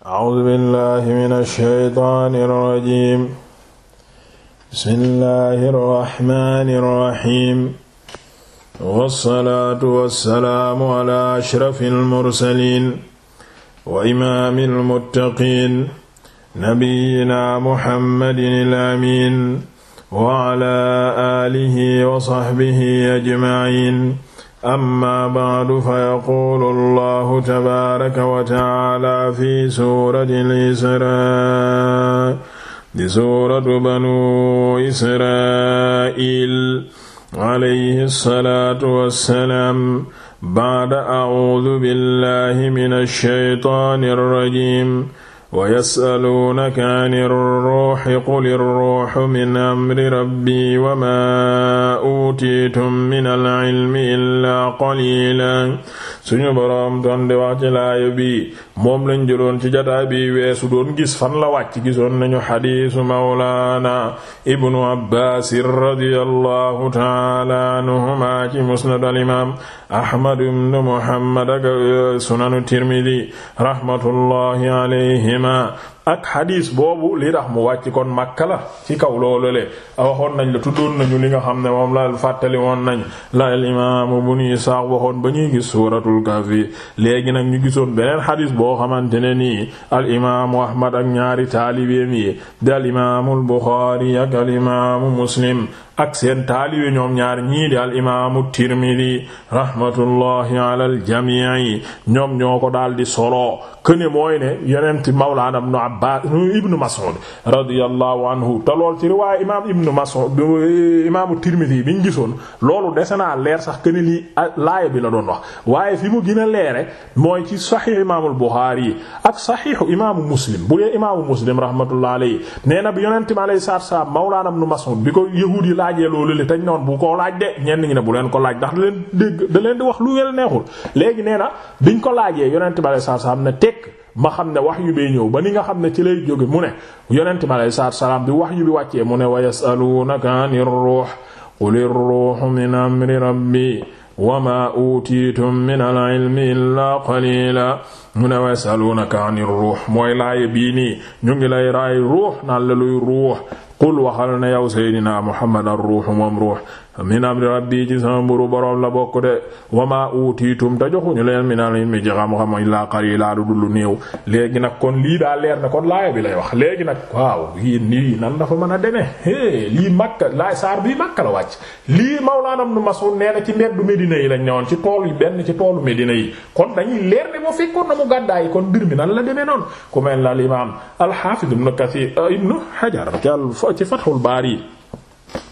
A'uuzu billaahi mina shaytaani rajiim. Bismillaahi rahmaani rahiim. Wassalaatu wassalaamu alaa ashrafil mursaliin. Wa imaamil muttaqiin. Nabiyyinaa Muhammadinil amiin. Wa alaa aalihi wa sahbihi ajmaciin. amma ba'du fa yaquulu allahu tabaaraka wa ta'aala fi suurati al-Israa di suuratu banu Israa'il alayhi salaatu wassalaam ba'da a'uudu billahi mina shaytaani rajiim wa yas'aluunaka ani yuhiqu lirruuhu min amri rabbi wa maa uutiitum min al-ilmi illaa qaliilan suñu boroom doon di wax ci laaya bi moom lañ jëloon ci jataay bi weesu doon gis fan la wàcc gisoon nañu xadiisu mawlaana ibnu abbaas radiyallahu taala anhuma ci musnad al-imaam ahmad ibnu muhammad ak uh, sunanu tirmidi rahmatullahi alayhima ak xadiis boobu li tax mu wàcc kon Makka la ci kaw loolu le waxoon nañ la tuddoon nañu li nga xam ne moom la fàttali woon nañ la al imaam Ibnu Isaaq waxoon ba ñuy gis suuratul Kahfi léegi nag ñu gisoon beneen xadiis boo xamante ne nii al imaamu Ahmad ak ñaari taalibeem yi di al imaamu al Buxaari ak al imaamu Muslim ak seen taalibe ñoom ñaar ñii di al imaamu tirmidi rahmatullahi ala al jamii ñoom ñoo ko daal di solo këne mooy ne yonent mawlaana ibnu abbaas ibnu mas'ud radiyallahu anhu te lool ci riwaaya imaam ibnu mas'ud imaamu tirmidi bi ñu gisoon loolu dese naa leer sax këne lii laaya bi la doon wax waaye fi mu gën a leere mooy ci saxiix imaamul buxaari ak saxiixu imaamu muslim bu dee imaamu muslim rahmatullahi alayhi nee na bi yonent mi alayhi salaatu wa salaam laajee loolu li tañ noon bu ko laaj de ñenn ñi ne bu leen ko laaj ndax da leen dégg da di wax lu ngeen neexul léegi nee na biñ ko laajee yonent bale saa saa am na tekk ma xam ne wax yu bee ñëw ba ni nga xam ne ci lay jóge mu ne yonent bi aleyhi salaatu salaam bi wax yu bi wàccee mu ne wa yasaluunaka ani ruux quli ruuxu min amri rabbi wa ma utiitum min al ilmi illaa qalila mu ne wa yasaluunaka ani ruux mooy laaya bii nii ñu ngi lay raay ruux naan luy qul waxal ne yow seydinaa muhammad ar ruuxu moom ruux min amri rabbi ci sama mburu boroom la bokk de wama utiitum te joxuñu leen minal ilmi ci xam-xam illaa qaliilaa du lu néew léegi nag kon lii daa leer ne kon laaya bi lay wax léegi nag waaw yii nii nan dafa mën a demee é lii laay saar bii Makka la wàcc lii Mawlaana Ibnu Mas'uud nee na ci mbeddu Médina yi lañ newoon ci tool yi benn ci toolu Médina yi kon dañuy leer ne boo fekkoon na mu gàddaa yi kon mbir mi nan la demee noonu ku mel al imaam al-Haafiz Ibnu Kasiir ko ci Fathul Baari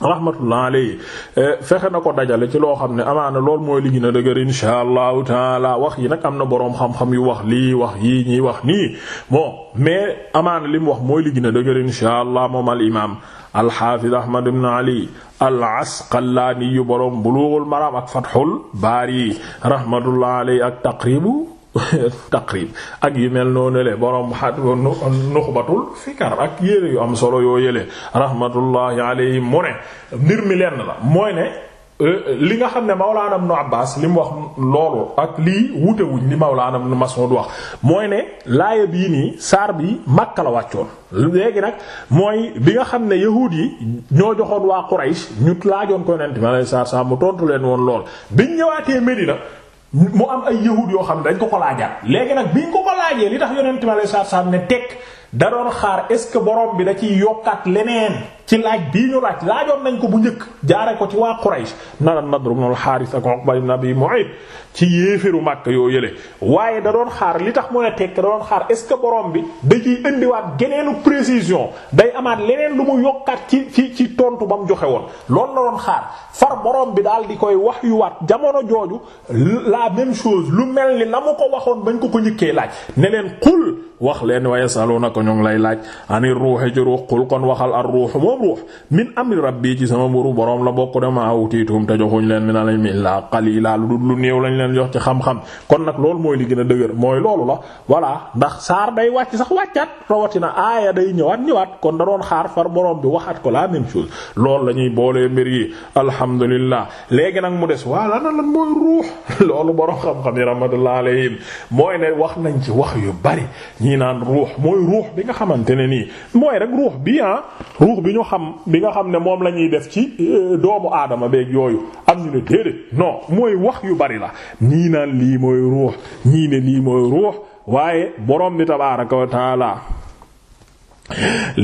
rahmatullah alayhi eh, fexe na ko dajale ci loo xam ne amaana lool mooy li gën a dëgër insha allahu taala wax yi nag am na boroom xam-xam yu wax lii wax yii ñiy wax nii bon mais amaana li mu wax mooy li gën a dëgër insha allah moom al imaam alxaafid ahmad ibn ali al asqalaani yu boroom bulughul maram ak fathul baari rahmatullah alayhi ak taqrib ak yu mel noonu le borom xat nuxbatul fikar ak yére yu am solo yoo yéle rahmatullahi alayhi mu ne mbir mi lenn la mooy ne euh, li nga xam ne Mawlaana Ibnu Abbaas li mu wax loolu ak lii wute wuñ li Mawlaana Ibnu Mas'ud wax mooy ne laaya bii nii saar bi Makka la wàccoon léegi nag mooy bi nga xam ne yahuud yi ñoo joxoon waa Quraysh ñu laajoon ko yonent ma lay saar saar mu tontu leen woon lool biñ ñëwaatee Medina mu am ay yahud yoo xam ne dañ ko ko laajaat léegi nag biñ ko ko laajee li tax yonent ma alayhi salaatu salaam ne teg da doon xaar est ce que borom bi da ciy yokkaat leneen. ci laaj bii ñu laaj laajoon nañ ko bu njëkk jaare ko ci waa Quraysh nana Nadr ibn al-Harith ak Uqba ibn Abi Mu'ayt ci yéeféru Makka yoo yële waaye da doon xaar li tax mu ne tekk da xaar est ce que borom bi da ciy indiwaat geneenu précision day amaat leneen lu mu yokkaat ci ci ci tontu ba mu joxe woon loolu la doon xaar far borom bi daal di koy wax yuwaat jamono jooju la même chose lu mel ni la mu ko waxoon bañ ko ko njëkkee laaj ne leen wax leen waaye saloo na ko ñu ngi lay laaj ani ruuhi ji ruux qul kon waxal ar ruux moom ruux min amri rabbi ci sama mburu boroom la bokk dama utiitum te joxuñ leen mi na lañ mi laa qalila lu dul lu néew lañ leen jox ci xam-xam kon nag loolu mooy li a dëgër mooy loolu la voilà ndax saar day wàcc sax wàccaat rawatina da doon xaar far boroom bi waxaat la même la ñuy boolee mbir yi alhamdulillah léegi nag mu des waa lana xam-xam yi rahmatullah alayhim mooy ne wax nañ ci wax yu bari ñi naan ruux mooy ruux bi nga xamante nii mooy rek ruux bi ah ruux bi ñu xam bi nga xam ne moom la ñuy def ci euh, doomu aadama beeg yooyu am ñu ne déedéet non mooy wax yu bari la ñii naan lii mooy ruux ñii ne lii mooy ruux waaye borom bi tabaaraka wa taala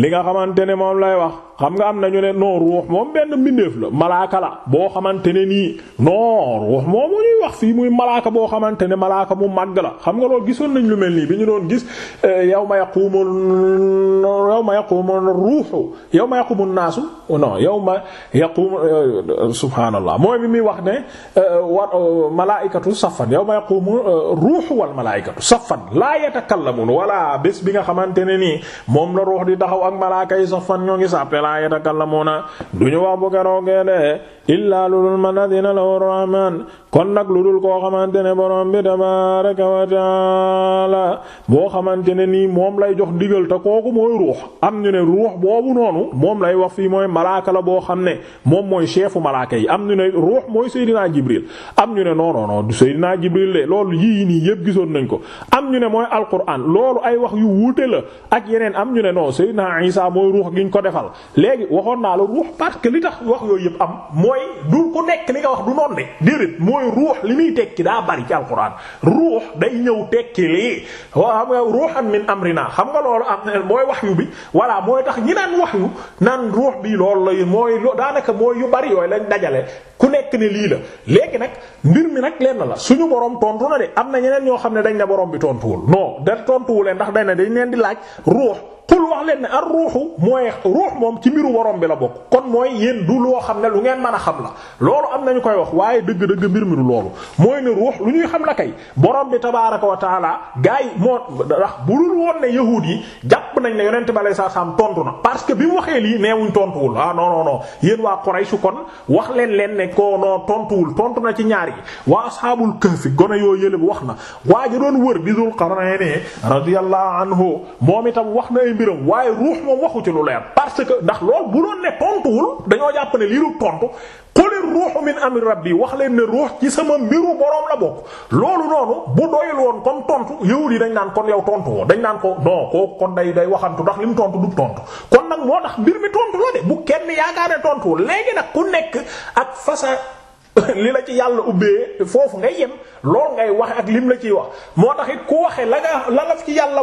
li nga xamante ne moom lay wax. xam nga am na ñu ne non ruux moom benn mbindeef la malaaka la boo xamante ne nii non ruux moom moo ñuy wax fii muy malaaka boo xamante ne malaaka mu màgg la xam nga loolu gisoon nañ lu mel nii bi ñu doon gis yow eh, yaqumu yawma yaqumu ruuhu yawma yaqumu naasu non yawma yaqumu eh, subhaanallah mooy bi muy wax ne eh, wa malaa'ikatu safan yawma yaqumu ruuhu wal malaa'ikatu safan laa yatakallamun wala bés bi nga xamante ne nii moom la ruux di taxaw ak malaaka yi safan ñoo ngi sàppee laa yatakallamuuna duñu wax bu keroogee de illaa lu dul man adina lahu rahmaan kon nag lu dul koo xamante ne borom bi tabaaraka wa taala boo xamante ne nii moom lay jox digal te kooku mooy ruux am ñu ne ruux boobu noonu moom lay wax fii mooy malaaka la boo xam ne moom mooy chefu malaaka yi am ñu ne ruux mooy Seydina Jibril am ñu ne non non non du Seydina Jibril de loolu yii nii yëpp gisoon nañ ko am ñu ne mooy alquran loolu ay wax yu wuute la ak yeneen am ñu ne non ko defal léegi waxoon naa la ruux parce que li tax wax yooyu yëpp am mooy du ku nekk li nga wax du noonu de déedéet mooy ruux li muy tekki daa bari ci alxuraan ruux day ñëw tekki lii xam nga ruuxan min amrina xam nga loolu am mooy wax yu bi voilà mooy tax ñi naan wax yu naan ruux bi loolu la mooy loo daanaka mooy yu bari yooyu lañ dajale ku nekk ni lii la léegi nag mbir mi nag lenn la suñu borom tontu na de am na ñeneen ñoo xam ne dañ ne borom bi tontuwul non da tontuwulee ndax dañ ne dañ leen di laaj ruux xul wax leen ne ar ruuxu mooy ruux moom ci mbiru borom bi la bokk kon mooy yéen du loo xam ne lu ngeen mën a xam la loolu am nañu koy wax waaye dëgg-dëgg mbir mi du loolu mooy ne ruux lu ñuy xam na kay borom bi tabaaraka wa taala gaa yi moo ndax bu dul woon ne yahuud yi jàpp nañ ne yonent bi alayhi tontu na parce que bi mu waxee lii neewuñ tontuwul ah non non non yéen waa Quraysh kon wax leen leen ne ko tontuwul tontu na ci ñaar yi waa ashaabul kahfi gone yoo yële wax na waa ji doon wër bi Dul Qarnayni radiyallahu anhu moom itam wax na ay mbiram waaye ruux moom waxu ci lu leer parce que ndax loolu bu doon ne tontuwul dañoo jàpp ne lii lu tontu quli ruuhu min amri rabbi wax leen ne ruux ci sama mbiru boroom la bokk loolu noonu bu doyul woon kon tontu yow yi dañ naan kon yow tontu woo dañ naan ko non kooku kon day day waxantu ndax li mu tontu du tontu kon nag moo tax mbir mi tontu la de bu kenn yaakaar ne tontu léegi nag ku nekk ak fasa li la ci yàlla ubbee foofu ngay yem lool ngay wax ak lim la ciy wax moo tax it ku waxee la nga la nga ci yàlla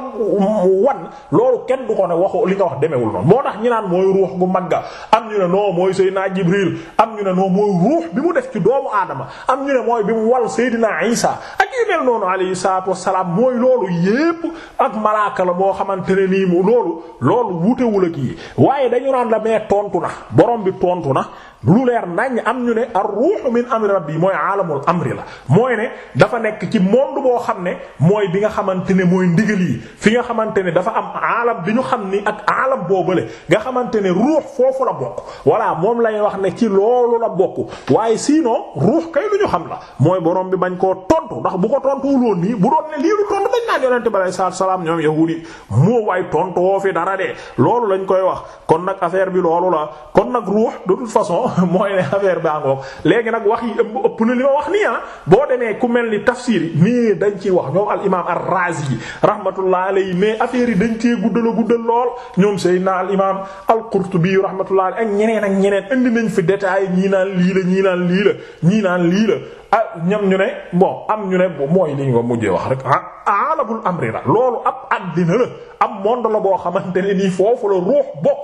wan loolu kenn du ko ne waxu li nga wax demewul noonu moo tax ñu naan mooy ruux gu magga am ñu ne non mooy Seydina Jibril am ñu ne non mooy bi mu def ci doomu aadama am ñu ne mooy bi mu wal Seydina Isa ak yu mel noonu alayhi salaatu wassalaam mooy loolu yépp ak malaaka la boo xamante ne nii mu loolu loolu wutewul ak yi waaye dañu naan la mais tontu na borom bi tontu na lu leer nañ am ñu ne ar ruux min amri rabbi mooy aalamul amri la mooy dafa nekk ci monde boo xam ne mooy bi nga xamante ne mooy ndigal yi fi nga xamante ne dafa am aalam bi ñu xam ni ak aalam boobale nga xamante ne ruux foofu la bokk voilà moom lay wax ne ci loolu la bokk waaye sinon ruux kay lu ñu xam la mooy borom bi bañ koo tontu ndax bu ko tontuwul woon nii bu doon ne lii lu tontu dañ naan yonente bi alayhi salaatu salaam ñoom yahuudi moo waay tontu woo fi dara de loolu lañ koy wax kon nag affaire bi loolu la kon nag ruux de toute façon mooy ne affaire baa ngoog léegi nag wax yi ëpp ëpp na li ma wax nii ah boo demee ku mel ni tafsir yi nii dañ ciy wax ñoom al imaam ar-Razi rahmatullah alayhi mais affaire yi dañ cee guddal guddal lool ñoom Seydina al imaam al-Qurtubi rahmatullah ak ñeneen ak ñeneen indi nañ fi détail ñii naan lii la ñii naan lii la ñii naan lii la ah, ñam ñu ne boo am ñu ne mooy li ñu ko mujjee wax rek a ah, alabul amri la loolu àddina la am monde la boo xamante ne nii foofu la ruux bokk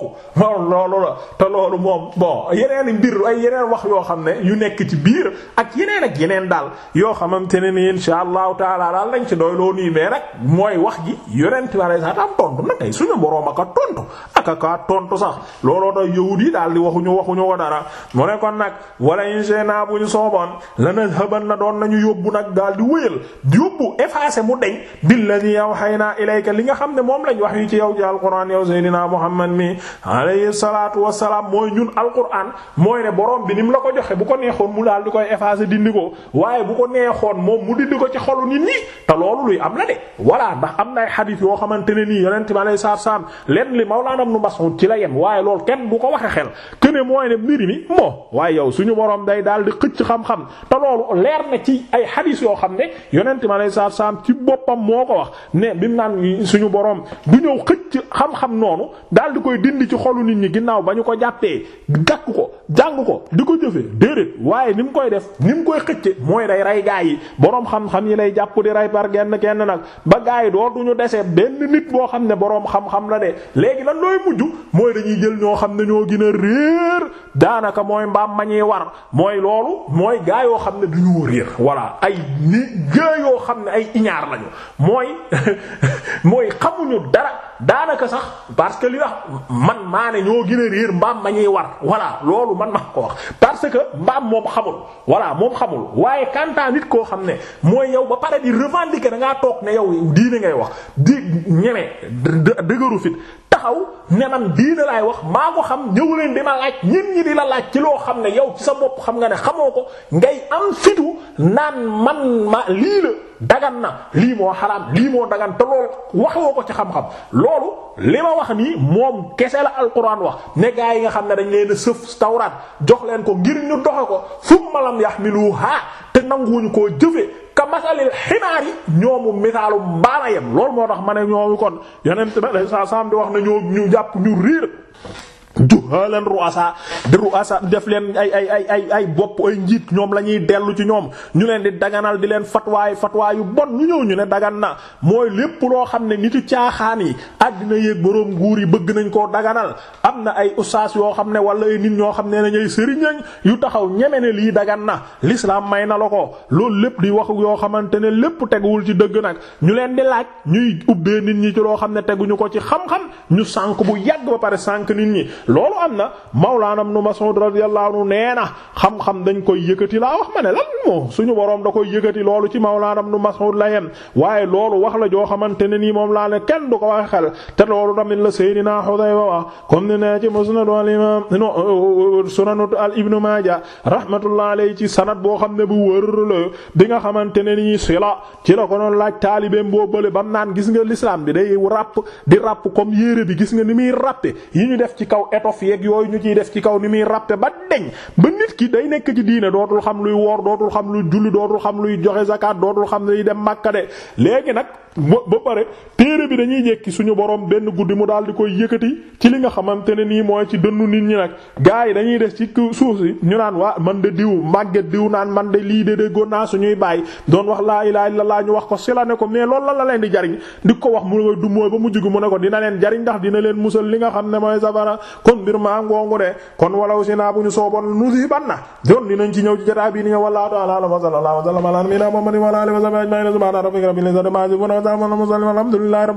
loolu la te loolu moom bon yeneen mbir ay yeneen wax yoo xam ne yu nekk ci biir ak yeneen ak yeneen daal yoo xamante ne nii insha allahu taala daal lañ ci doy loo nii mais nag mooy wax ji yonent wala sax am tontu nag ay suñu boroom aka tont aka kaa tontu sax looloo tax yawut yi daal di waxuñu waxuñu ko dara mu ne kon nag wala insha naa bu ñu sooboon la nadhaban na doon nañu yóbbu nag daal di wëyal yóbbu effacé mu deñ billadi awhayna ilay ilayka li nga xam ne moom lañ wax yu ci yow ci alquran yow Seydina Muhammad mi alayhi salaatu wassalaam mooy ñun alquran mooy ne borom bi ni mu la ko joxe bu ko neexoon mu daal di koy effacer dindi ko waaye bu ko neexoon moom mu dindi ko ci xolu nit ñi te loolu luy am la de voilà ndax am na ay xadiis yoo xamante ne nii yonent bi alayhi salaatu wassalaam lenn li Mawlaana Ibn Mas'ud ci la yem waaye loolu kenn bu ko waxe xel kene mooy ne mbir mi moo waaye yow suñu yi suñu borom du ñëw xëcc xam-xam noonu daal di koy dind ci xolu nit ñi ginnaaw ba ñu ko jàppee gàkk ko jàng ko di ko jëfee déedéet waaye ni mu koy def ni mu koy xëcce mooy day rey gaa yi boroom xam-xam yi lay jàpp di rey par genn kenn nag ba gaa yi dootuñu dese benn nit boo xam ne boroom xam-xam la de léegi lan looy mujj mooy dañuy jël ñoo xam ne ñoo gën a réer daanaka mooy mbaam ma ñuy war mooy loolu mooy gaa yoo xam ne duñu réer voilà ay ni gaa yoo xam ne ay iñaar lañu mooy mooy xamuñu dara daanaka sax parce que li wax man maa ñoo gën a réer mbaam ma ñuy man maa ko wax parce que mbaam moom xamul voilà moom xamul waaye kantaa nit koo xam ne mooy yow ba pare di revendiquer da ngaa toog ne yow diine ngay wax di ñeme dëgëru fit taxaw ne man diine laay wax maa ko xam ñëw leen di ma laaj ñin ñi di la laaj ci loo xam ne yow ci sa bopp xam nga ne xamoo ko ngay am fitu naan man ma lii la dagan na lii moo xaraam lii moo dagan te loolu waxoo ko ci xam-xam loolu li ma wax nii moom kese la alquran wax ne yi nga xam ne dañ leen sëf tawraat jox leen ko ngir ñu doxe ko summa lu yahmiluha te nanguwuñu ko jëfee ka masalil ximaar yi ñoomu misaalu mbaala yem loolu moo tax ma ne ñoomu kon yeneen sa saam di wax na ñoo ñu jàpp ñu riir juhalan ru'asa di ru'asa def leen ay ay ay ay ay bopp ay njiit ñoom la ñuy dellu ci ñoom ñu leen di daganal di leen fatwaay fatwaay yu bon ñu ñëw ñu ne dagan na mooy lépp loo xam ne nitu caaxaan yi àddina yéeg boroom nguur yi bëgg nañ koo daganal am na ay ustaas yoo xam ne wala ay nit ñoo xam ne nañuy sëriñ lañ yu taxaw ñeme ne lii dagan na l'islam may na la ko loolu lépp di waxu yoo xamante ne lépp teguwul ci dëgg nag ñu leen di laaj ñuy ubbee nit ñi ci loo xam ne teguñu ko ci xam ñu sànk bu yàgg pare sànk nit ñi loolu am na Mawlaana Ibn Mas'ud radiyallahu anhu nee na xam-xam dañ koy yëkkati laa wax ma ne lan moo suñu boroom da koy yëkkati loolu ci Mawlaana Ibn Mas'ud la yem waaye loolu wax la joo xamante ne nii moom laa ne kenn du ko wax xel te loolu tamit la Seydina Xudayfa wax comme ni nee ci Musnad al imaam Sunan al Ibn Maaja rahmatullahi alayhi ci sanad boo xam ne bu wër la bi nga xamante ne nii si la ci la ko doon laaj taalibeem boo bële bam naan gis nga l'islam bi bi gis nga ni muy ràppe yi ñu yeeg yooyu ñu ciy def ci kaw ni muy ràppe ba deñ ba nit ki day nekk ci diine dootul xam luy woor dootul xam luy julli dootul xam luy joxe zakat dootul xam luy dem Makka de léegi nag ba pare téere bi dañuy jekki suñu borom benn guddi mu daal di koy yëkkati ci li nga xamante ne nii mooy ci dënnu nit ñi nag gars yi dañuy des ci suuf si ñu naan waa man de diw màgget diw naan man de lii de déggoon naa suñuy bàyyi doon wax laa ilaaha illallaah ñu wax ko si la ne ko mais loolu la la leen di jariñ ko wax mu du mu jugu mu ne ko dina leen li nga mbir maa ngoongu de kon walaw si naa bu ñu sooboon nusi ban na doon dinañ ci ñëw ci jotaay bi ni ñëw wallahu ta'ala alam wa sallallahu wa sallama ala nabiyyina muhammadin wa ala alihi wa sahbihi ajma'in subhana rabbika rabbil izzati amma yasifun wa salamun ala mursalin walhamdulillahi